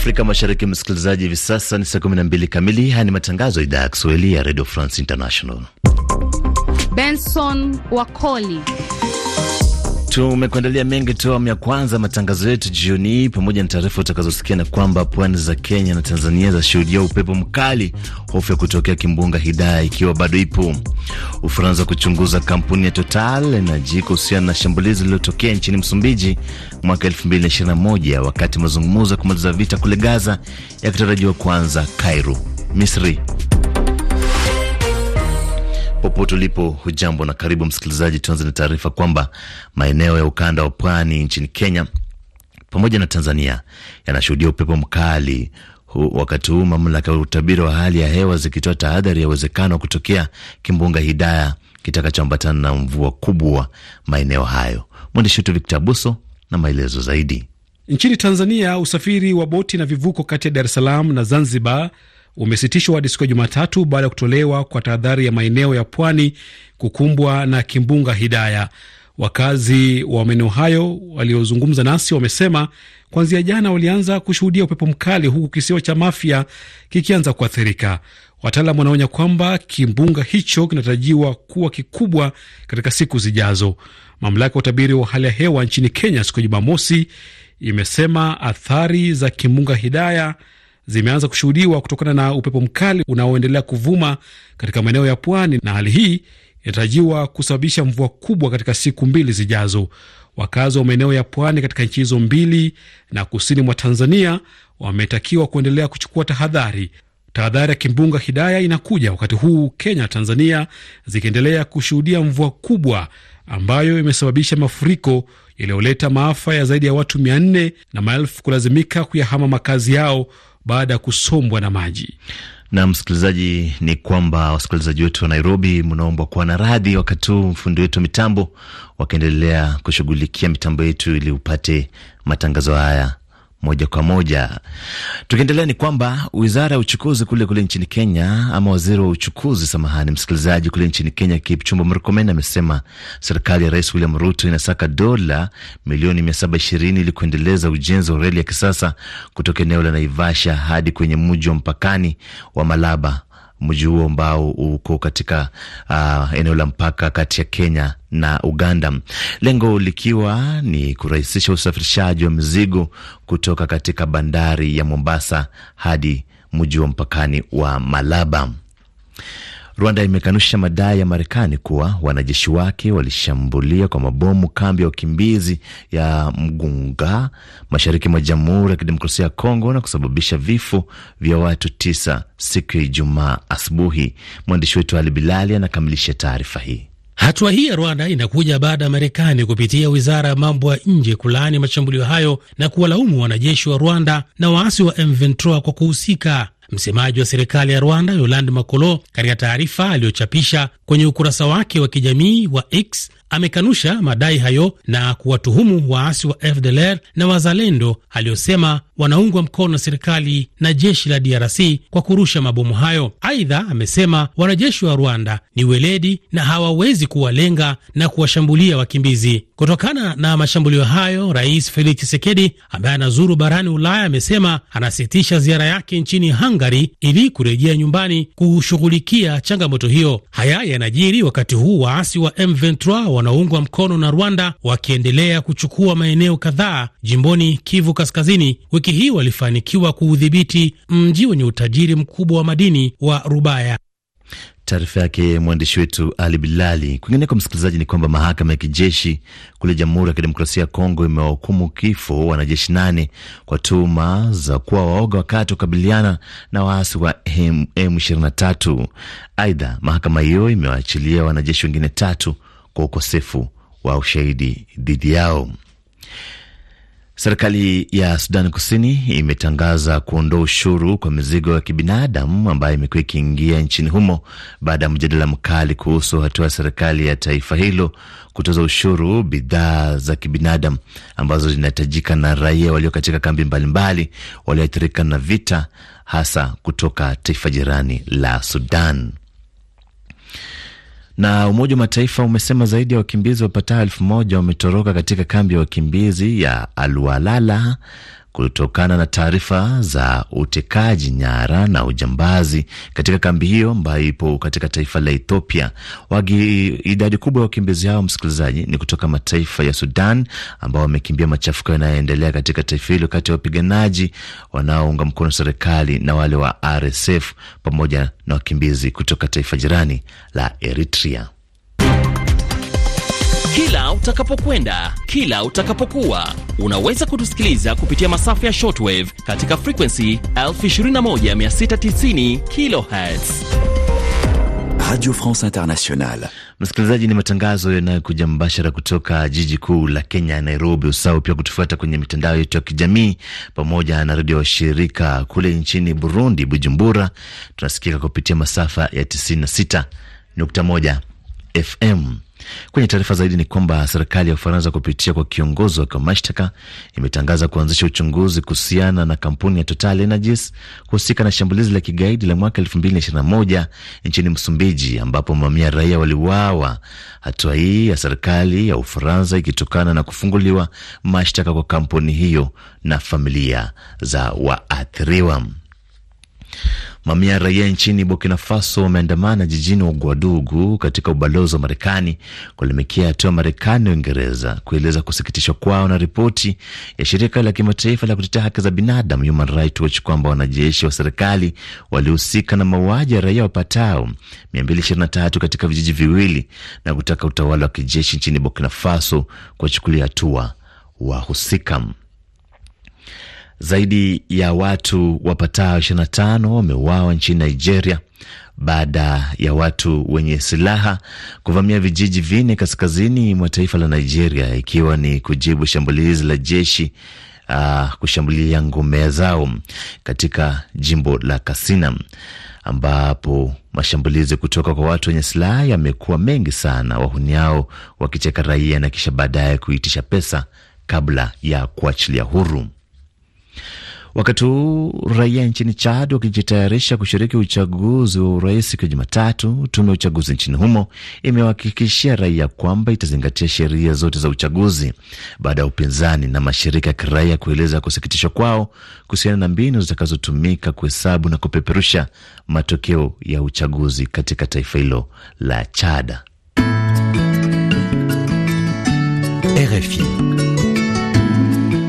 Afrika Mashariki, msikilizaji, hivi sasa ni saa 12 kamili. Haya ni matangazo ya idhaa ya Kiswahili ya Radio France International. Benson Wakoli Tumekuandalia mengi tu. Awamu ya kwanza matangazo yetu jioni hii, pamoja na taarifa utakazosikia, na kwamba pwani za Kenya na Tanzania zashuhudia upepo mkali, hofu ya kutokea kimbunga Hidaya ikiwa bado ipo. Ufaransa kuchunguza kampuni ya Total Energy kuhusiana na shambulizi lililotokea nchini Msumbiji mwaka 2021 wakati mazungumzo ya kumaliza vita kule Gaza yakitarajiwa kuanza Cairo, Misri. Popote ulipo, hujambo na karibu msikilizaji. Tuanze na taarifa kwamba maeneo ya ukanda wa pwani nchini Kenya pamoja na Tanzania yanashuhudia upepo mkali hu, wakati huu mamlaka ya utabiri wa hali ya hewa zikitoa tahadhari ya uwezekano wa kutokea kimbunga Hidaya kitakachoambatana na mvua kubwa maeneo hayo. Mwandishi wetu Victor Abuso na maelezo zaidi. Nchini Tanzania, usafiri wa boti na vivuko kati ya Dar es Salaam na Zanzibar umesitishwa hadi siku ya Jumatatu baada ya kutolewa kwa tahadhari ya maeneo ya pwani kukumbwa na kimbunga Hidaya. Wakazi wa maeneo hayo waliozungumza nasi wamesema kuanzia jana walianza kushuhudia upepo mkali, huku kisiwa cha Mafia kikianza kuathirika. Wataalam wanaonya kwamba kimbunga hicho kinatarajiwa kuwa kikubwa katika siku zijazo. Mamlaka ya utabiri wa hali ya hewa nchini Kenya siku ya Jumamosi imesema athari za kimbunga Hidaya zimeanza kushuhudiwa kutokana na upepo mkali unaoendelea kuvuma katika maeneo ya pwani, na hali hii inatarajiwa kusababisha mvua kubwa katika siku mbili zijazo. Wakazi wa maeneo ya pwani katika nchi hizo mbili na kusini mwa Tanzania wametakiwa kuendelea kuchukua tahadhari. Tahadhari ya kimbunga Hidaya inakuja wakati huu Kenya na Tanzania zikiendelea kushuhudia mvua kubwa ambayo imesababisha mafuriko yaliyoleta maafa ya zaidi ya watu mia nne na maelfu kulazimika kuyahama makazi yao baada ya kusombwa na maji. Na msikilizaji, ni kwamba wasikilizaji wetu wa Nairobi mnaombwa kuwa na radhi, wakati huu mfundi wetu wa mitambo wakiendelea kushughulikia mitambo yetu ili upate matangazo haya moja kwa moja. Tukiendelea ni kwamba wizara ya uchukuzi kule kule nchini Kenya, ama waziri wa uchukuzi, samahani msikilizaji, kule nchini Kenya, Kipchumba Murkomen amesema serikali ya Rais William Ruto inasaka dola milioni 720 ili kuendeleza ujenzi wa reli ya kisasa kutoka eneo la Naivasha hadi kwenye mji wa mpakani wa Malaba mji huo ambao uko katika uh, eneo la mpaka kati ya Kenya na Uganda, lengo likiwa ni kurahisisha usafirishaji wa mizigo kutoka katika bandari ya Mombasa hadi mji wa mpakani wa Malaba. Rwanda imekanusha madai ya Marekani kuwa wanajeshi wake walishambulia kwa mabomu kambi ya wakimbizi ya Mgunga mashariki mwa Jamhuri ya Kidemokrasia ya Kongo na kusababisha vifo vya watu tisa siku ya Ijumaa asubuhi. Mwandishi wetu Ali Bilali anakamilisha taarifa hii. Hatua hii ya Rwanda inakuja baada ya Marekani kupitia wizara ya mambo ya nje kulaani mashambulio hayo na kuwalaumu wanajeshi wa Rwanda na waasi wa M23 kwa kuhusika. Msemaji wa serikali ya Rwanda Yolande Makolo, katika taarifa aliyochapisha kwenye ukurasa wake wa kijamii wa X amekanusha madai hayo na kuwatuhumu waasi wa FDLR na wazalendo aliyosema wanaungwa mkono na serikali na jeshi la DRC kwa kurusha mabomu hayo. Aidha, amesema wanajeshi wa Rwanda ni weledi na hawawezi kuwalenga na kuwashambulia wakimbizi. Kutokana na mashambulio hayo, Rais Felix Tshisekedi ambaye anazuru barani Ulaya amesema anasitisha ziara yake nchini Hungary ili kurejea nyumbani kushughulikia changamoto hiyo. Haya yanajiri wakati huu waasi wa M23 wanaoungwa mkono na Rwanda wakiendelea kuchukua maeneo kadhaa jimboni Kivu Kaskazini. Wiki hii walifanikiwa kuudhibiti mji wenye utajiri mkubwa wa madini wa Rubaya. Taarifa yake mwandishi wetu Ali Bilali. Kwingineko msikilizaji, ni kwamba mahakama ya kijeshi kule Jamhuri ya Kidemokrasia ya Kongo imewahukumu kifo wanajeshi nane kwa tuhuma za kuwa waoga wakati kukabiliana na waasi wa M23. Aidha, mahakama hiyo imewaachilia wanajeshi wengine tatu kwa ukosefu wa ushahidi dhidi yao. Serikali ya Sudan Kusini imetangaza kuondoa ushuru kwa mizigo ya kibinadamu ambayo imekuwa ikiingia nchini humo baada ya mjadala mkali kuhusu hatua ya serikali ya taifa hilo kutoza ushuru bidhaa za kibinadamu ambazo zinahitajika na raia walio katika kambi mbalimbali walioathirika na vita hasa kutoka taifa jirani la Sudan. Na Umoja wa Mataifa umesema zaidi ya wakimbizi wapatao elfu moja wametoroka katika kambi ya wakimbizi ya Alualala kutokana na taarifa za utekaji nyara na ujambazi katika kambi hiyo ambayo ipo katika taifa la Ethiopia. Wagi, idadi kubwa ya wakimbizi hao, msikilizaji, ni kutoka mataifa ya Sudan ambao wamekimbia machafuko yanayoendelea katika taifa hilo kati ya wapiganaji wanaounga mkono serikali na wale wa RSF pamoja na wakimbizi kutoka taifa jirani la Eritrea. Kila utakapokwenda, kila utakapokuwa, unaweza kutusikiliza kupitia masafa ya shortwave katika frequency 21690 kilohertz. Radio France Internationale. Msikilizaji, ni matangazo yanayokuja mbashara kutoka jiji kuu la Kenya, Nairobi. Usahau pia kutufuata kwenye mitandao yetu ya kijamii pamoja na redio washirika kule nchini Burundi, Bujumbura. Tunasikika kupitia masafa ya 96.1 FM. Kwenye taarifa zaidi ni kwamba serikali ya Ufaransa kupitia kwa kiongozi wake wa mashtaka imetangaza kuanzisha uchunguzi kuhusiana na kampuni ya Total Energies kuhusika na shambulizi la kigaidi la mwaka 2021 nchini Msumbiji, ambapo mamia raia waliuawa. Hatua hii ya serikali ya Ufaransa ikitokana na kufunguliwa mashtaka kwa kampuni hiyo na familia za waathiriwa. Mamia ya raia nchini Burkina Faso wameandamana jijini Ouagadougou katika ubalozi wa Marekani kulimikia hatua Marekani na Uingereza kueleza kusikitishwa kwao na ripoti ya shirika la kimataifa la kutetea haki za binadamu Human Rights Watch kwamba wanajeshi wa serikali walihusika na mauaji ya raia wapatao 223 katika vijiji viwili na kutaka utawala wa kijeshi nchini Burkina Faso kuwachukulia hatua wahusika. Zaidi ya watu wapatao 25 wameuawa nchini Nigeria baada ya watu wenye silaha kuvamia vijiji vinne kaskazini mwa taifa la Nigeria, ikiwa ni kujibu shambulizi la jeshi uh, kushambulia ngome zao katika jimbo la Katsina, ambapo mashambulizi kutoka kwa watu wenye silaha yamekuwa mengi sana, wahuni hao wakicheka raia na kisha baadaye kuitisha pesa kabla ya kuachilia huru. Wakati huu raia nchini Chad wakijitayarisha kushiriki uchaguzi wa urais siku ya Jumatatu, tume ya uchaguzi nchini humo imewahakikishia raia kwamba itazingatia sheria zote za uchaguzi baada ya upinzani na mashirika ya kiraia kueleza kusikitishwa kwao kuhusiana na mbinu zitakazotumika kuhesabu na kupeperusha matokeo ya uchaguzi katika taifa hilo la Chad. RFI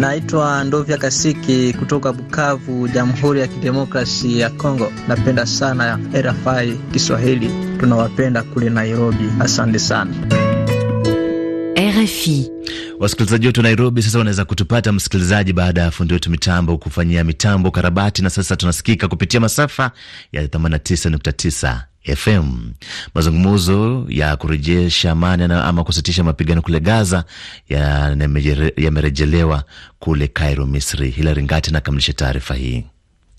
Naitwa Ndovya Kasiki kutoka Bukavu, Jamhuri ya Kidemokrasi ya Kongo. Napenda sana RFI Kiswahili, tunawapenda kule Nairobi. Asante sana RFI. Wasikilizaji wetu Nairobi sasa wanaweza kutupata msikilizaji, baada ya fundi wetu mitambo kufanyia mitambo karabati, na sasa tunasikika kupitia masafa ya 89.9 FM. Mazungumzo ya kurejesha amani ama kusitisha mapigano kule Gaza yamerejelewa ya kule Cairo, Misri. Hilari Ngati nakamilisha taarifa hii.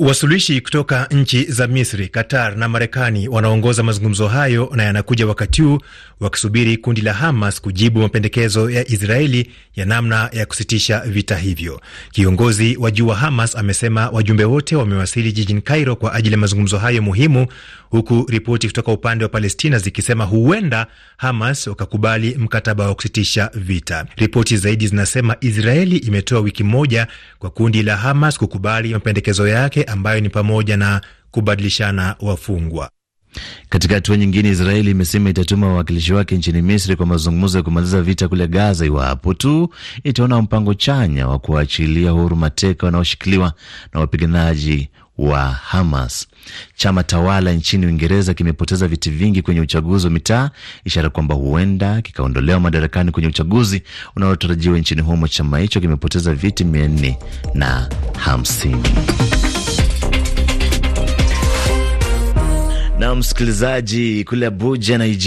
Wasuluhishi kutoka nchi za Misri, Qatar na Marekani wanaongoza mazungumzo hayo na yanakuja wakati huu wakisubiri kundi la Hamas kujibu mapendekezo ya Israeli ya namna ya kusitisha vita hivyo. Kiongozi wa juu wa Hamas amesema wajumbe wote wamewasili jijini Cairo kwa ajili ya mazungumzo hayo muhimu, huku ripoti kutoka upande wa Palestina zikisema huenda Hamas wakakubali mkataba wa kusitisha vita. Ripoti zaidi zinasema Israeli imetoa wiki moja kwa kundi la Hamas kukubali mapendekezo yake ambayo ni pamoja na kubadilishana wafungwa. Katika hatua nyingine, Israeli imesema itatuma wawakilishi wake nchini Misri kwa mazungumzo ya kumaliza vita kule Gaza iwapo tu itaona mpango chanya wa kuachilia huru mateka wanaoshikiliwa na wapiganaji wa Hamas. Chama tawala nchini Uingereza kimepoteza viti vingi kwenye uchaguzi wa mitaa, ishara kwamba huenda kikaondolewa madarakani kwenye uchaguzi unaotarajiwa nchini humo. Chama hicho kimepoteza viti mia nne na hamsini. msikilizaji kule Abuja, Nigeria.